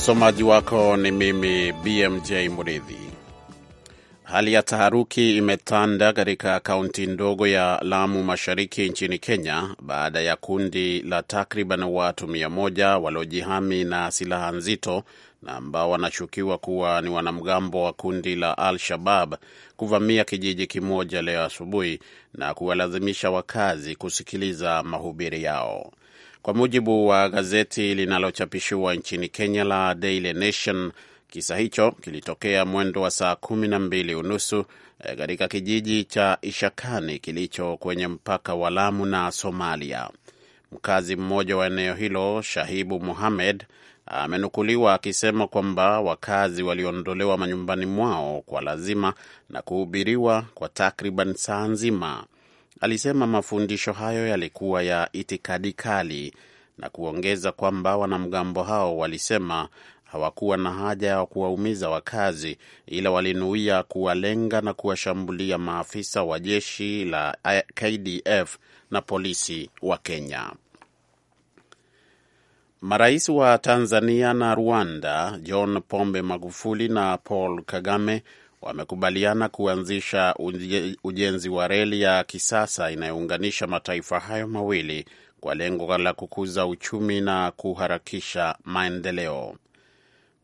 Msomaji wako ni mimi BMJ Mridhi. Hali ya taharuki imetanda katika kaunti ndogo ya Lamu Mashariki nchini Kenya baada ya kundi la takriban watu mia moja waliojihami na silaha nzito na ambao wanashukiwa kuwa ni wanamgambo wa kundi la Al-Shabab kuvamia kijiji kimoja leo asubuhi na kuwalazimisha wakazi kusikiliza mahubiri yao. Kwa mujibu wa gazeti linalochapishiwa nchini Kenya la Daily Nation, kisa hicho kilitokea mwendo wa saa kumi na mbili unusu eh, katika kijiji cha Ishakani kilicho kwenye mpaka wa Lamu na Somalia. Mkazi mmoja wa eneo hilo Shahibu Muhamed amenukuliwa akisema kwamba wakazi waliondolewa manyumbani mwao kwa lazima na kuhubiriwa kwa takriban saa nzima alisema mafundisho hayo yalikuwa ya itikadi kali na kuongeza kwamba wanamgambo hao walisema hawakuwa na haja ya kuwaumiza wakazi, ila walinuia kuwalenga na kuwashambulia maafisa wa jeshi la KDF na polisi wa Kenya. Marais wa Tanzania na Rwanda John Pombe Magufuli na Paul Kagame wamekubaliana kuanzisha ujenzi wa reli ya kisasa inayounganisha mataifa hayo mawili kwa lengo la kukuza uchumi na kuharakisha maendeleo.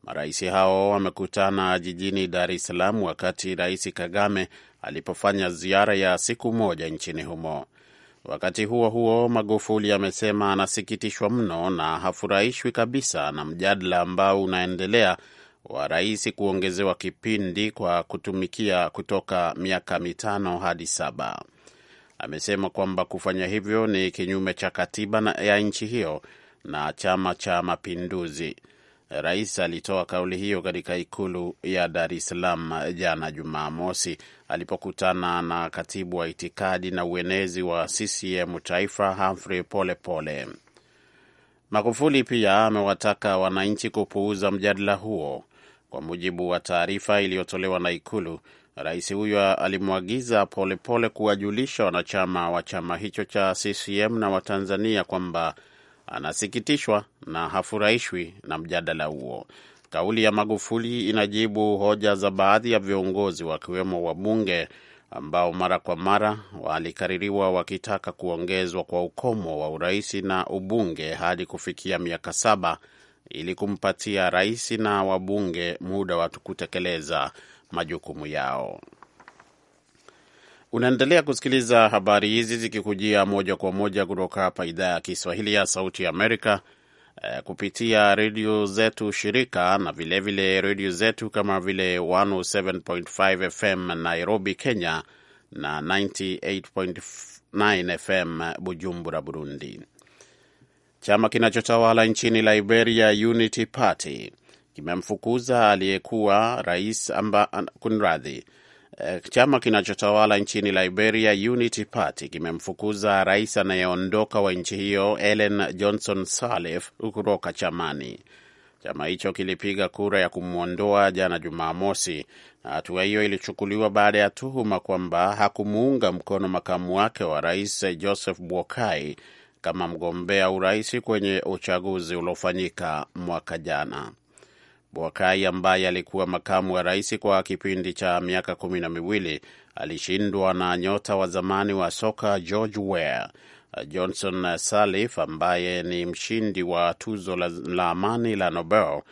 Marais hao wamekutana jijini Dar es Salaam wakati Rais Kagame alipofanya ziara ya siku moja nchini humo. Wakati huo huo, Magufuli amesema anasikitishwa mno na hafurahishwi kabisa na mjadala ambao unaendelea wa rais kuongezewa kipindi kwa kutumikia kutoka miaka mitano hadi saba. Amesema kwamba kufanya hivyo ni kinyume cha katiba ya nchi hiyo na Chama cha Mapinduzi. Rais alitoa kauli hiyo katika ikulu ya Dar es Salaam jana Jumamosi, alipokutana na katibu wa itikadi na uenezi wa CCM taifa Humphrey Polepole. Magufuli pia amewataka wananchi kupuuza mjadala huo kwa mujibu wa taarifa iliyotolewa na Ikulu, rais huyo alimwagiza Polepole kuwajulisha wanachama wa chama hicho cha CCM na Watanzania kwamba anasikitishwa na hafurahishwi na mjadala huo. Kauli ya Magufuli inajibu hoja za baadhi ya viongozi wakiwemo wabunge ambao mara kwa mara walikaririwa wakitaka kuongezwa kwa ukomo wa urais na ubunge hadi kufikia miaka saba ili kumpatia rais na wabunge muda wa kutekeleza majukumu yao. Unaendelea kusikiliza habari hizi zikikujia moja kwa moja kutoka hapa idhaa ya Kiswahili ya Sauti ya Amerika eh, kupitia redio zetu shirika na vilevile redio zetu kama vile 107.5 FM Nairobi, Kenya na 98.9 FM Bujumbura, Burundi. Chama kinachotawala nchini Liberia, Unity Party, kimemfukuza aliyekuwa rais amba kunradhi eh, chama kinachotawala nchini Liberia, Unity Party, kimemfukuza rais anayeondoka wa nchi hiyo Ellen Johnson Sirleaf kutoka chamani. Chama hicho kilipiga kura ya kumwondoa jana Jumamosi, na hatua hiyo ilichukuliwa baada ya tuhuma kwamba hakumuunga mkono makamu wake wa rais eh, Joseph Boakai kama mgombea urais kwenye uchaguzi uliofanyika mwaka jana. Bwakai ambaye alikuwa makamu wa rais kwa kipindi cha miaka kumi na miwili alishindwa na nyota wa zamani wa soka George Weah. Johnson Sirleaf ambaye ni mshindi wa tuzo la amani la Nobel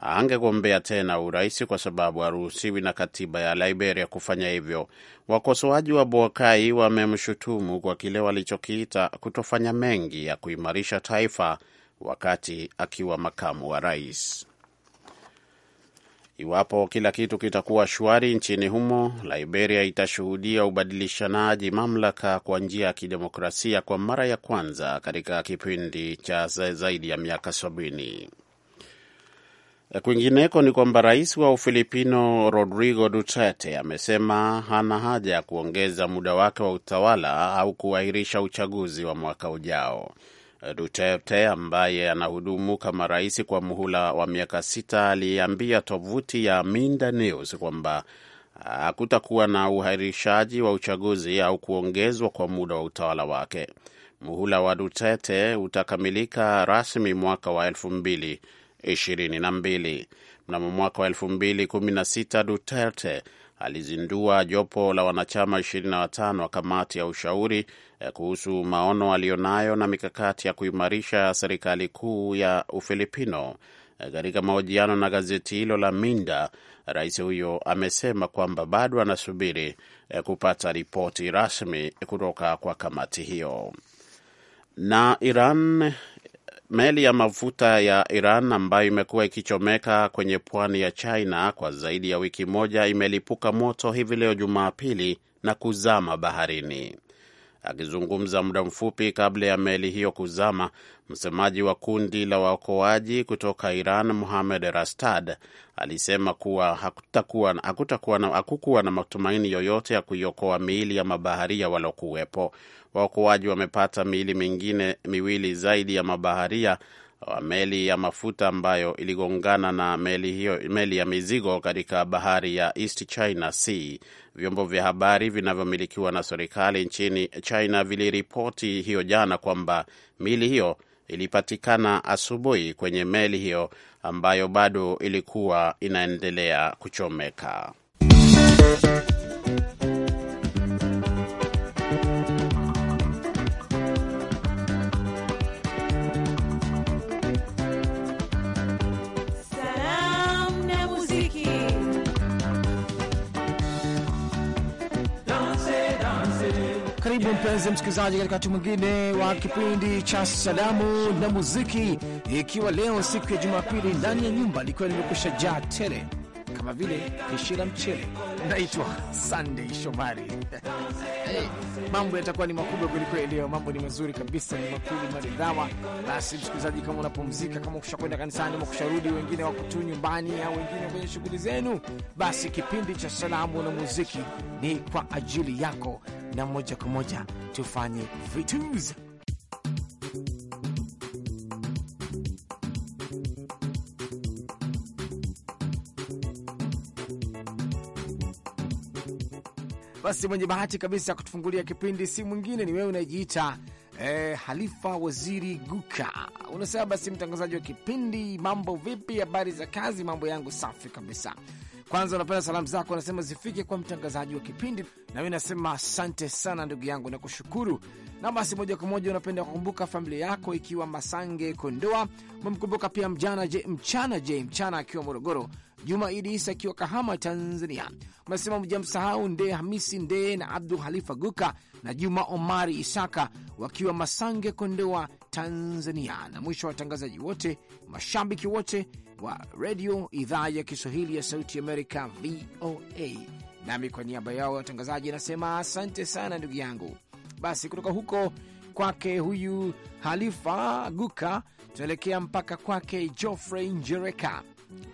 angegombea tena urais kwa sababu haruhusiwi na katiba ya Liberia kufanya hivyo. Wakosoaji wa Boakai wamemshutumu kwa kile walichokiita kutofanya mengi ya kuimarisha taifa wakati akiwa makamu wa rais. Iwapo kila kitu kitakuwa shwari nchini humo, Liberia itashuhudia ubadilishanaji mamlaka kwa njia ya kidemokrasia kwa mara ya kwanza katika kipindi cha zaidi ya miaka sabini. Kwingineko ni kwamba rais wa Ufilipino Rodrigo Duterte amesema hana haja ya kuongeza muda wake wa utawala au kuahirisha uchaguzi wa mwaka ujao. Duterte ambaye anahudumu kama rais kwa muhula wa miaka sita aliambia tovuti ya Minda News kwamba hakutakuwa na uhairishaji wa uchaguzi au kuongezwa kwa muda wa utawala wake. Muhula wa Duterte utakamilika rasmi mwaka wa elfu mbili 22. Mnamo mwaka wa 216 Duterte alizindua jopo la wanachama 25 wa kamati ya ushauri eh, kuhusu maono aliyonayo na mikakati ya kuimarisha serikali kuu ya Ufilipino. Eh, katika mahojiano na gazeti hilo la Minda, rais huyo amesema kwamba bado anasubiri eh, kupata ripoti rasmi kutoka kwa kamati hiyo. Na Iran Meli ya mafuta ya Iran ambayo imekuwa ikichomeka kwenye pwani ya China kwa zaidi ya wiki moja imelipuka moto hivi leo Jumapili na kuzama baharini. Akizungumza muda mfupi kabla ya meli hiyo kuzama, msemaji wa kundi la waokoaji kutoka Iran muhamed Rastad alisema kuwa hakutakuwa, hakutakuwa na, hakukuwa na matumaini yoyote ya kuiokoa miili ya mabaharia waliokuwepo. Waokoaji wamepata miili mingine miwili zaidi ya mabaharia wa meli ya mafuta ambayo iligongana na meli hiyo, meli ya mizigo katika bahari ya East China Sea. Vyombo vya habari vinavyomilikiwa na serikali nchini China viliripoti hiyo jana kwamba mili hiyo ilipatikana asubuhi kwenye meli hiyo ambayo bado ilikuwa inaendelea kuchomeka. Karibu mpenzi msikilizaji, katika wakati mwingine wa kipindi cha salamu na muziki, ikiwa leo siku ya Jumapili ndani ya nyumba likiwa limekusha jaa tele kama vile kishira mchele. Naitwa Sunday Shomari. Hey, mambo yatakuwa ni makubwa kwelikweli leo. Mambo ni mazuri kabisa, ni makubwa maridhawa. Basi msikilizaji, kama unapumzika, kama ukishakwenda kanisani, umekusharudi, wengine wako tu nyumbani, au wengine kwenye shughuli zenu, basi kipindi cha salamu na muziki ni kwa ajili yako na moja kwa moja tufanye vituza Basi mwenye bahati kabisa ya kutufungulia kipindi si mwingine, ni wewe unajiita eh, Halifa Waziri Guka. Unasema basi, mtangazaji wa kipindi, mambo vipi? Habari za kazi? Mambo yangu safi kabisa. Kwanza unapenda salamu zako nasema zifike kwa mtangazaji wa kipindi, na nasema asante sana ndugu yangu na kushukuru. Na basi moja kwa moja unapenda kukumbuka familia yako ikiwa Masange Kondoa, umemkumbuka pia mjana je, mchana je mchana akiwa Morogoro, Juma Idi Isa akiwa Kahama Tanzania, unasema mjamsahau Ndee Hamisi Ndee na abdu Halifa Guka na Juma Omari Isaka wakiwa Masange Kondoa Tanzania. Na mwisho wa watangazaji wote, mashabiki wote wa redio idhaa ya Kiswahili ya Sauti Amerika, VOA. Nami kwa niaba yao ya watangazaji nasema asante sana ndugu yangu. Basi kutoka huko kwake huyu Halifa Guka tunaelekea mpaka kwake Geoffrey Njereka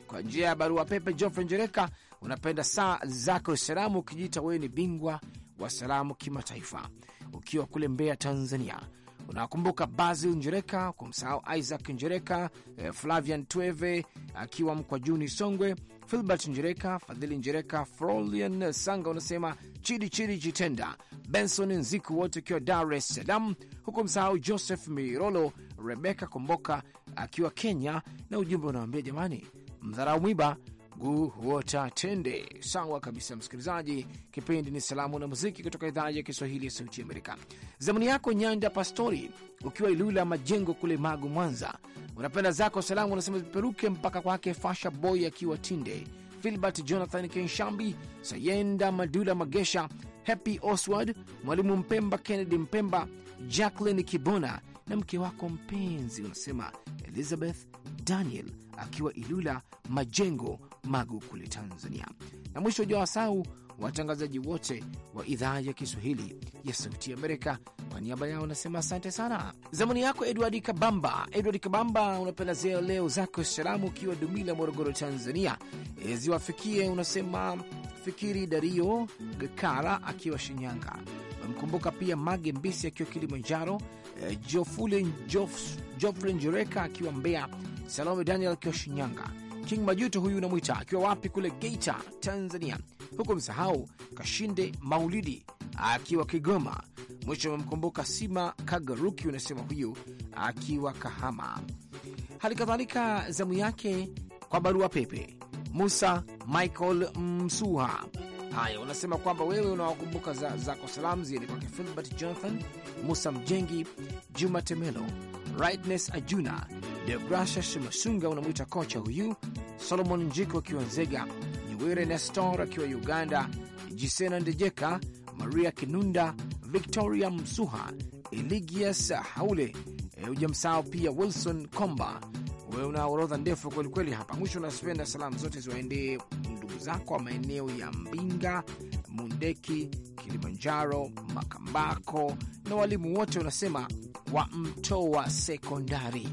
kwa njia ya barua pepe. Geoffrey Njereka, unapenda saa zako salamu, ukijiita wewe ni bingwa wa salamu kimataifa, ukiwa kule Mbeya, Tanzania Unakumbuka Basil Njereka, kumsahau Isaac Njereka, eh, Flavian Tweve akiwa mkwa juni Songwe, Filbert Njereka, Fadhili Njereka, Frolian Sanga, unasema Chidi Chidi Jitenda, Benson Nziku, wote ukiwa Dar es Salaam, huku msahau Joseph Mirolo, Rebeka Komboka akiwa Kenya, na ujumbe unawambia jamani, mdharau mwiba magu tende. Sawa kabisa, msikilizaji. Kipindi ni salamu na muziki kutoka idhaa ya Kiswahili ya Sauti ya Amerika. Zamani yako Nyanda Pastori, ukiwa Ilula Majengo kule Magu, Mwanza, unapenda zako salamu, unasema ziperuke mpaka kwake Fasha Boy akiwa Tinde, Filbert Jonathan Kenshambi, Sayenda Madula Magesha, Happy Oswald, Mwalimu Mpemba, Kennedy Mpemba, Jacqueline Kibona na mke wako mpenzi, unasema Elizabeth Daniel akiwa Ilula Majengo Magu kule Tanzania. Na mwisho jawasau watangazaji wote wa idhaa ya Kiswahili ya Sauti ya Amerika, kwa niaba yao nasema asante sana. Zamani yako Edward Kabamba. Edward Kabamba, unapenda zeo leo zako salamu ukiwa Dumila, Morogoro, Tanzania, eh, ziwafikie unasema Fikiri Dario gkara akiwa Shinyanga, wamkumbuka pia Mage Mbisi akiwa Kilimanjaro, eh, Joflen Jureka akiwa Mbeya, Salome Daniel akiwa Shinyanga King Majuto huyu unamwita akiwa wapi? Kule Geita, Tanzania. Huku msahau Kashinde Maulidi akiwa Kigoma. Mwisho amemkumbuka Sima Kagaruki, unasema huyu akiwa Kahama. Hali kadhalika zamu yake kwa barua pepe Musa Michael Msuha. Haya, unasema kwamba wewe unawakumbuka zako za salamu ziende kwake Filbert Jonathan, Musa Mjengi, Juma Temelo, Rightness Ajuna Deogratias Masunga unamwita kocha huyu, Solomon Njiko akiwa Nzega, Nyewere Nestor akiwa Uganda, Jisena Ndejeka, Maria Kinunda, Victoria Msuha, Eligias Haule, hujamsahau pia Wilson Komba. Wewe una orodha ndefu kwelikweli hapa. Mwisho unasipenda salamu zote ziwaendee ndugu zako wa maeneo ya Mbinga, Mundeki, Kilimanjaro, Makambako na walimu wote unasema wa Mtoa Sekondari.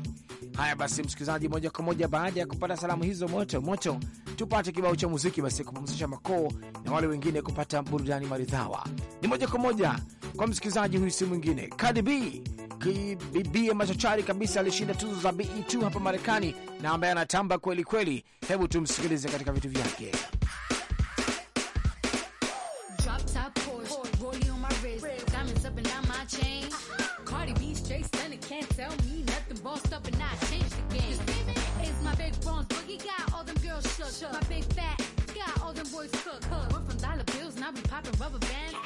Haya basi, msikilizaji, moja kwa moja baada ya kupata salamu hizo moto moto, tupate kibao cha muziki basi kupumzisha makoo na wale wengine kupata burudani maridhawa. Ni moja kwa moja kwa msikilizaji huyu, si mwingine Cardi B, kibibie machachari kabisa, alishinda tuzo za BET hapa Marekani na ambaye anatamba kweli kweli. Hebu tumsikilize katika vitu vyake. shook. My big fat got all them boys cooked. Huh. we from dollar bills and I be popping rubber bands.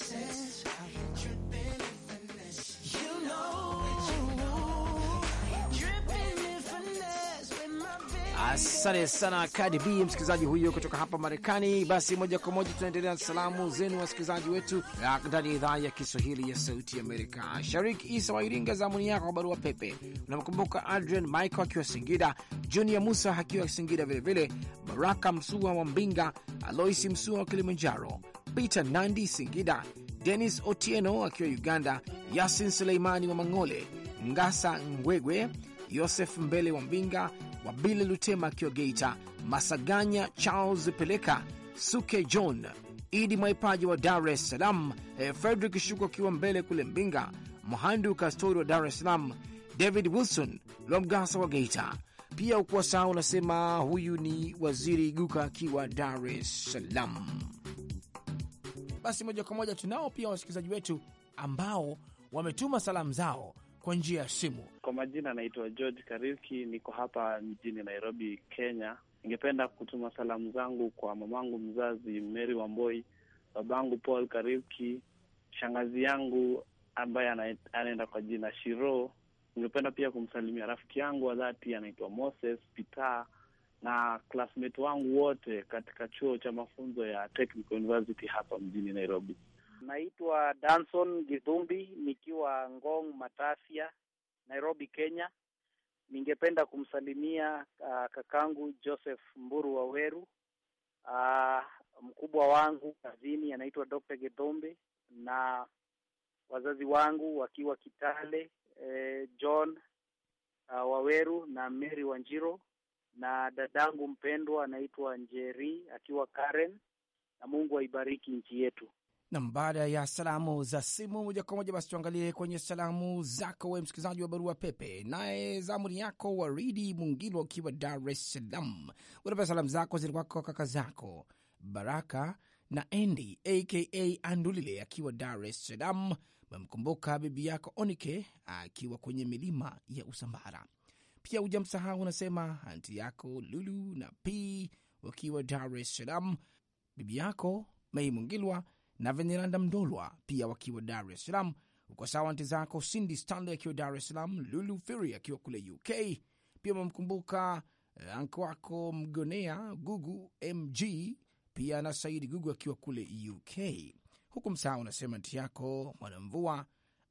in finesse. You know. Asante sana Kadi B, msikilizaji huyo kutoka hapa Marekani. Basi moja kwa moja tunaendelea na salamu zenu wasikilizaji wetu ndani ya idhaa ya Kiswahili ya Sauti Amerika. Sharik Isa wa Iringa, zamuni yako kwa barua pepe. Unamkumbuka Adrian Michael akiwa Singida, Junior Musa akiwa Singida vilevile, Baraka Msua wa Mbinga, Aloisi Msua wa Kilimanjaro, Peter Nandi Singida, Denis Otieno akiwa Uganda, Yasin Suleimani wa Mang'ole, Ngasa Ngwegwe, Yosef Mbele wa Mbinga, Wabile Lutema akiwa Geita, Masaganya Charles Peleka, Suke John Idi Mwaipaji wa Dar es Salaam, eh, Fredrik Shuko akiwa Mbele kule Mbinga, Mhandu Kastori wa Dar es Salaam, David Wilson mgasa wa Geita. Pia ukuwa sawa unasema huyu ni Waziri Guka akiwa Dar es Salaam. Basi moja kwa moja tunao pia wasikilizaji wetu ambao wametuma salamu zao kwa njia ya simu. Kwa majina anaitwa George Kariuki, niko hapa mjini Nairobi, Kenya. Ningependa kutuma salamu zangu kwa mamangu mzazi Mary Wamboi, babangu Paul Kariuki, shangazi yangu ambaye anaenda kwa jina Shiro. Ningependa pia kumsalimia rafiki yangu wa dhati anaitwa Moses Peter na classmate wangu wote katika chuo cha mafunzo ya Technical University hapa mjini Nairobi. Naitwa Danson Githumbi nikiwa Ngong Matasia, Nairobi, Kenya. Ningependa kumsalimia uh, kakangu Joseph Mburu Waweru. Uh, mkubwa wangu kazini anaitwa Dr. Githumbi na wazazi wangu wakiwa Kitale, eh, John uh, Waweru na Mary Wanjiro na dadangu mpendwa anaitwa Njeri akiwa Karen, na Mungu aibariki nchi yetu. Nam, baada ya salamu za simu moja kwa moja basi tuangalie kwenye salamu zako we msikilizaji wa barua pepe. Naye zamuni yako Waridi Mungilwa akiwa Dar es Salaam, unapea salamu zako zilikuwa kaka zako Baraka na Endi aka Andulile akiwa Dar es Salaam. Memkumbuka bibi yako Onike akiwa kwenye milima ya Usambara pia hujamsahau unasema anti yako Lulu na P wakiwa Dar es Salaam, bibi yako Mei Mungilwa na Veneranda Mdolwa pia wakiwa Dar es Salaam. Uko sawa anti zako Cindy Stanley akiwa Dar es Salaam, Lulu Fury akiwa kule UK. Pia umemkumbuka anko eh, wako Mgonea Gugu MG pia na Saidi Gugu akiwa kule UK. Huku msahau unasema anti yako Mwanamvua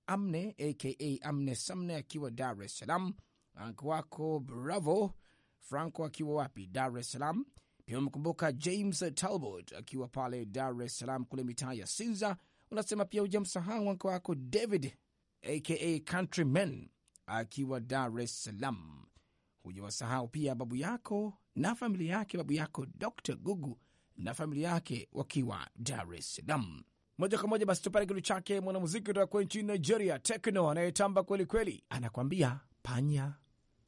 Amne aka Amne Samne akiwa Dar es Salaam anko wako Bravo Franco akiwa wapi? Dar es Salaam. Pia mkumbuka James Talbot akiwa pale Dar es Salaam kule mitaa ya Sinza. Unasema pia hujamsahau anko wako David aka Countryman akiwa Dar es Salaam. Hujawasahau pia babu yako na familia yake, babu yako Dr Gugu na familia yake wakiwa Dar es Salaam. Moja kwa moja basi tupate kitu chake mwanamuziki kutoka kwe nchini Nigeria, Tekno anayetamba kwelikweli, anakwambia panya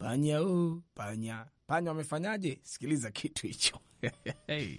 panya u, oh, panya panya wamefanyaje? Sikiliza kitu hicho hey.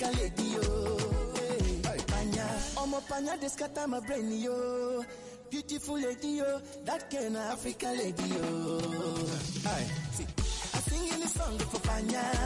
African lady, yo. Hey. Eh, panya, ọmọ panya dey scatter my brain, yo. Beautiful lady, yo. That can of African lady, yo. Hey. I sing in this song for panya.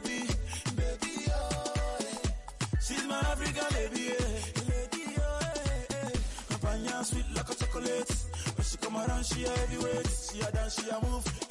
baby, baby, oh, eh. she's my African lady, eh. oh, eh, sweet like a chocolate, when she come around she a heavyweight, she a dance, she a move.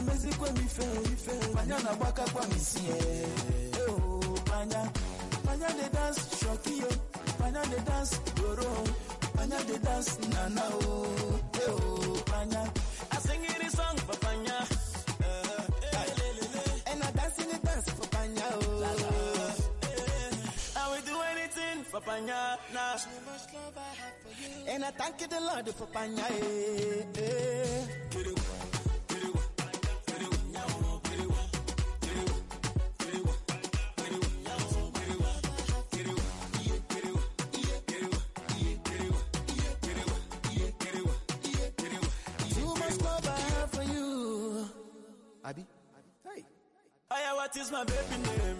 emezikwa m ife ife manya na-agbakakwa m isi manya manya dey dance shoki yo manya dey dance goro Panya, de dance nana o manya I sing it song for manya eh, eh, eh, and I dance in the dance for manya oh. for Panya. Nah. So much love I have for you. And I thank you the Lord for Panya. Eh, eh. Abi? Hey. Aya, what is my baby name?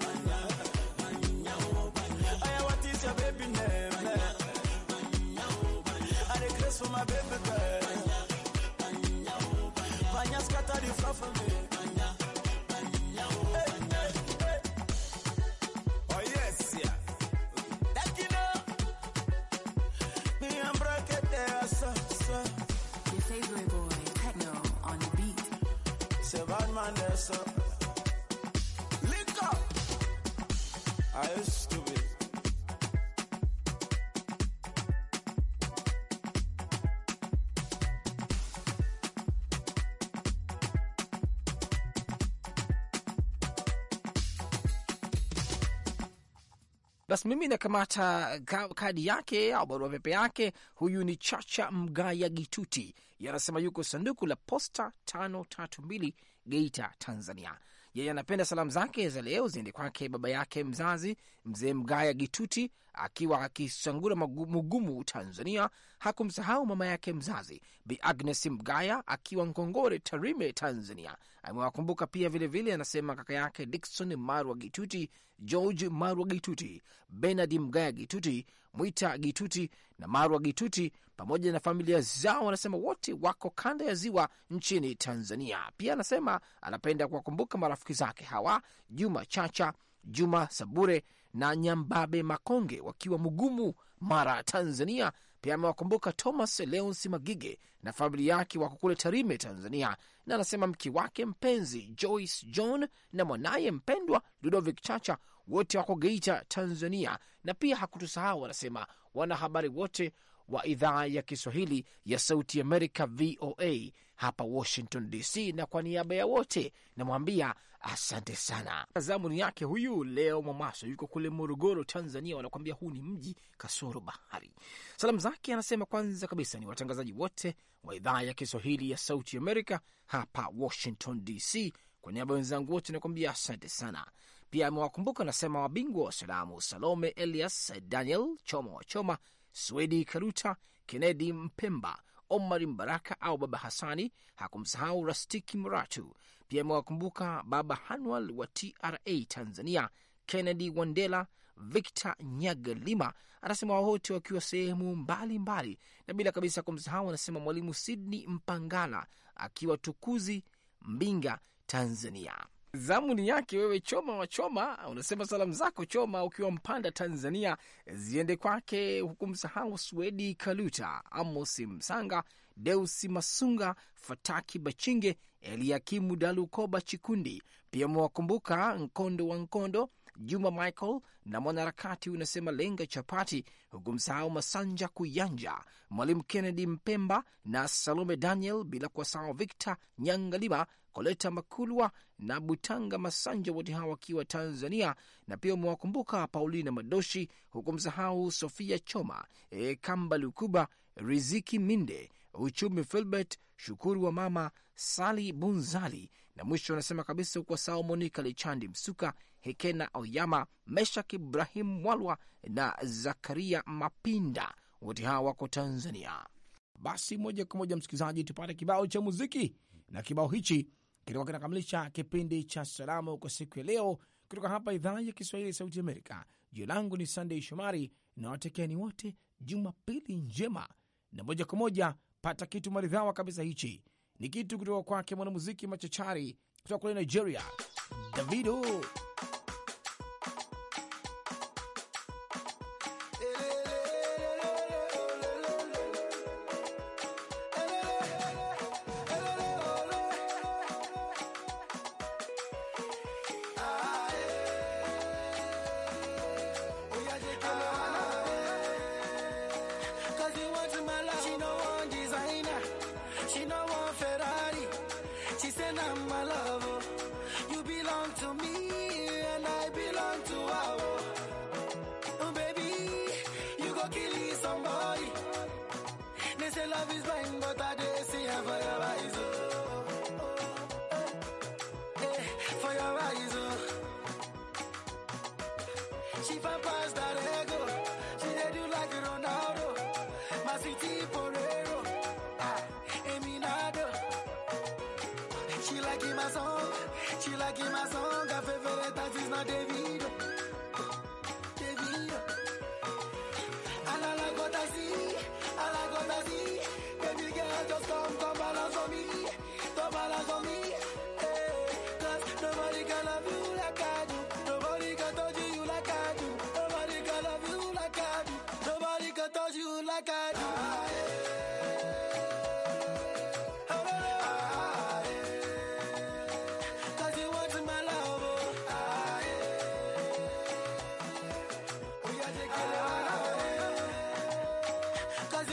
Aya, what is your baby name? I request for my baby Lick up. I basi mimi nakamata kadi yake au barua pepe yake. Huyu ni Chacha Mgaya Gituti, yanasema yuko sanduku la posta 532 Geita, Tanzania. Yeye anapenda salamu zake za leo ziende kwake baba yake mzazi mzee Mgaya Gituti akiwa akisangura Mugumu, Tanzania. Hakumsahau mama yake mzazi Bi Agnes Mgaya akiwa Ngongore, Tarime, Tanzania. Amewakumbuka pia vilevile vile, anasema kaka yake Dikson Marwa Gituti, George Marwa Gituti, Benard Mgaya Gituti Mwita Gituti na Marwa Gituti pamoja na familia zao, anasema wote wako kanda ya ziwa nchini Tanzania. Pia anasema anapenda kuwakumbuka marafiki zake hawa Juma Chacha, Juma Sabure na Nyambabe Makonge wakiwa mgumu Mara, Tanzania. Pia amewakumbuka Thomas Leonsi Magige na familia yake wako kule Tarime, Tanzania, na anasema mke wake mpenzi Joyce John na mwanaye mpendwa Ludovic Chacha wote wako Geita, Tanzania, na pia hakutusahau, wanasema wanahabari wote wa idhaa ya Kiswahili ya Sauti Amerika, VOA hapa Washington DC, na kwa niaba ya wote namwambia asante sana. Zamuni yake huyu Leo Mwamaso yuko kule Morogoro, Tanzania, wanakuambia huu ni mji kasoro bahari. Salamu zake anasema kwanza kabisa ni watangazaji wote wa idhaa ya Kiswahili ya Sauti Amerika hapa Washington DC. Kwa niaba ya wenzangu wote nakuambia asante sana. Pia amewakumbuka anasema wabingwa wa salamu Salome Elias, Daniel Choma wa Choma, Swedi Karuta, Kennedi Mpemba, Omari Mbaraka au Baba Hasani. Hakumsahau Rastiki Muratu. Pia amewakumbuka Baba Hanwal wa TRA Tanzania, Kennedy Wandela, Victor Nyagalima. Anasema wote wakiwa sehemu mbalimbali, na bila kabisa kumsahau, anasema Mwalimu Sidney Mpangala akiwa Tukuzi, Mbinga, Tanzania. Zamu ni yake wewe, Choma wa Choma, unasema salamu zako Choma ukiwa Mpanda, Tanzania, ziende kwake, huku msahau Swedi Kaluta, Amosi Msanga, Deusi Masunga, Fataki Bachinge, Eliakimu Dalukoba Chikundi. Pia mwakumbuka Nkondo wa Nkondo, Juma Michael na mwanaharakati unasema lenga chapati, huku msahau Masanja Kuyanja, Mwalimu Kennedy Mpemba na Salome Daniel, bila kuwasahau Victor Nyangalima Koleta Makulwa na Butanga Masanja, wote hawa wakiwa Tanzania, na pia umewakumbuka Paulina Madoshi, huku msahau Sofia Choma, e, Kamba Lukuba, Riziki Minde, Uchumi Filbert Shukuru wa mama Sali Bunzali, na mwisho anasema kabisa kwa sao Monika Lichandi Msuka, Hekena Oyama, Meshak Ibrahim Mwalwa na Zakaria Mapinda, wote hawa wako Tanzania. Basi moja kwa moja, msikilizaji, tupate kibao cha muziki na kibao hichi kilikuwa kinakamilisha kipindi cha salamu kwa siku ya leo kutoka hapa idhaa ya Kiswahili ya Sauti Amerika. Jina langu ni Sandey Shomari na ni wote Jumapili njema, na moja kwa moja pata kitu maridhawa kabisa. Hichi ni kitu kutoka kwake mwanamuziki machachari kutoka kule Nigeria, Davido. say love is blind, but I did see her for your eyes, oh. oh, eh, Hey, for your eyes, oh. She fan past that ego. She they do like Ronaldo. My sweetie Porero. Ah, Eminado. She like my song. She like my song. Her favorite artist is not Davido.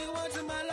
Everyone's in my life.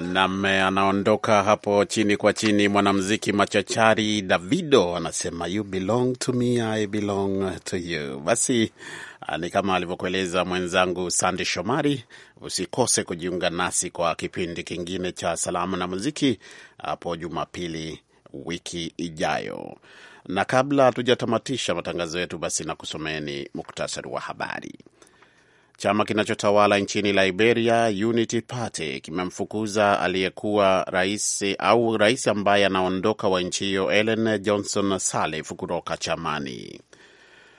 Nam anaondoka hapo chini kwa chini. Mwanamziki machachari Davido anasema you belong to me, I belong to you. Basi ah, ni kama alivyokueleza mwenzangu Sande Shomari, usikose kujiunga nasi kwa kipindi kingine cha salamu na muziki hapo Jumapili wiki ijayo, na kabla hatujatamatisha matangazo yetu, basi nakusomeeni muktasari wa habari. Chama kinachotawala nchini Liberia, Unity Party, kimemfukuza aliyekuwa rais au rais ambaye anaondoka wa nchi hiyo Ellen Johnson Sirleaf kutoka chamani.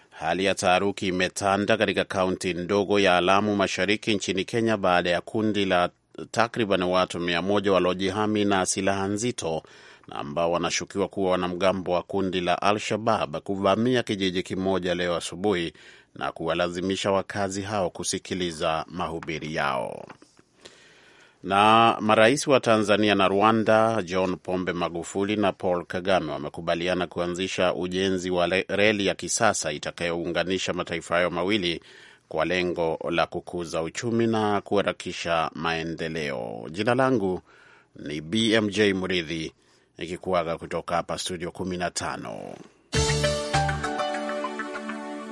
Hali ya taharuki imetanda katika kaunti ndogo ya Alamu mashariki nchini Kenya baada ya kundi la takriban watu mia moja waliojihami na silaha nzito na ambao wanashukiwa kuwa wanamgambo wa kundi la Al Shabab kuvamia kijiji kimoja leo asubuhi na kuwalazimisha wakazi hao kusikiliza mahubiri yao. Na marais wa Tanzania na Rwanda John Pombe Magufuli na Paul Kagame wamekubaliana kuanzisha ujenzi wa reli ya kisasa itakayounganisha mataifa hayo mawili kwa lengo la kukuza uchumi na kuharakisha maendeleo. Jina langu ni BMJ Mridhi, nikikuaga kutoka hapa studio 15.